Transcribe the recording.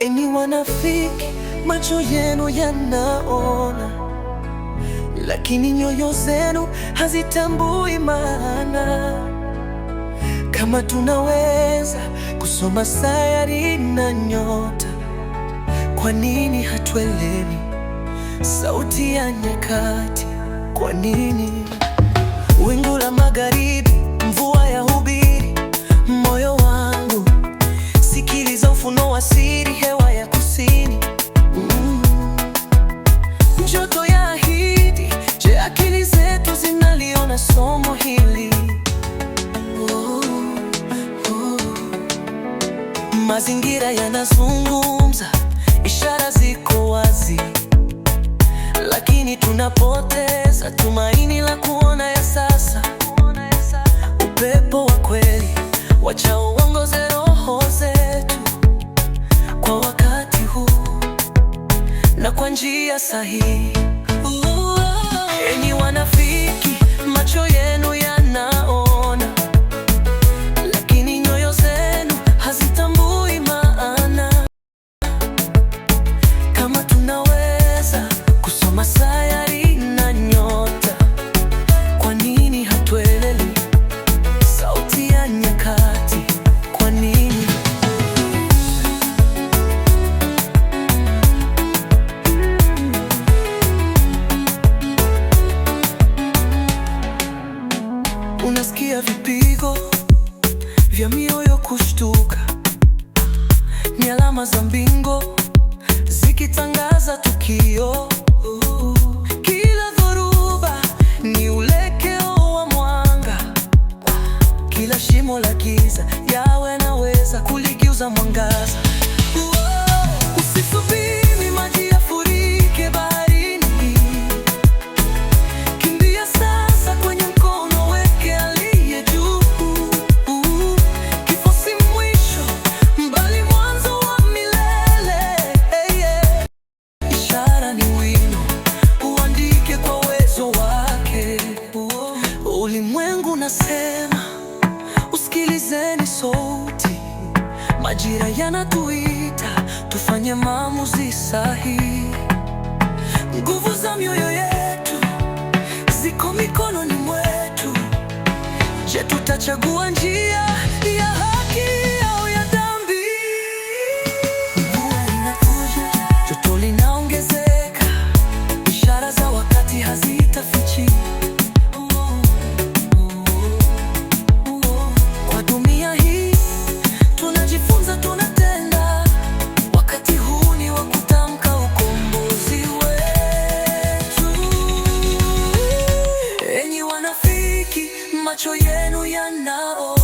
Enyi wanafiki, macho yenu yanaona, lakini nyoyo zenu hazitambui maana. Kama tunaweza kusoma sayari na nyota, kwa nini hatuelewi sauti ya nyakati? Kwa nini wingu la magharibi, mvua ya hubiri moyo wangu, sikiliza ufunuo wa siri Mazingira yanazungumza, ishara ziko wazi, lakini tunapoteza tumaini la kuona ya sasa. Upepo wa kweli, wacha uongoze roho zetu kwa wakati huu na kwa njia sahihi. Enyi wanafiki, macho yenu yanao Unasikia vipigo vya mioyo kushtuka, ni alama za mbingo zikitangaza tukio. Kila dhoruba ni ulekeo wa mwanga, kila shimo la giza inasema usikilizeni sauti, majira yanatuita tufanye maamuzi sahihi. Nguvu za mioyo yetu ziko mikononi mwetu. Je, tutachagua njia your know.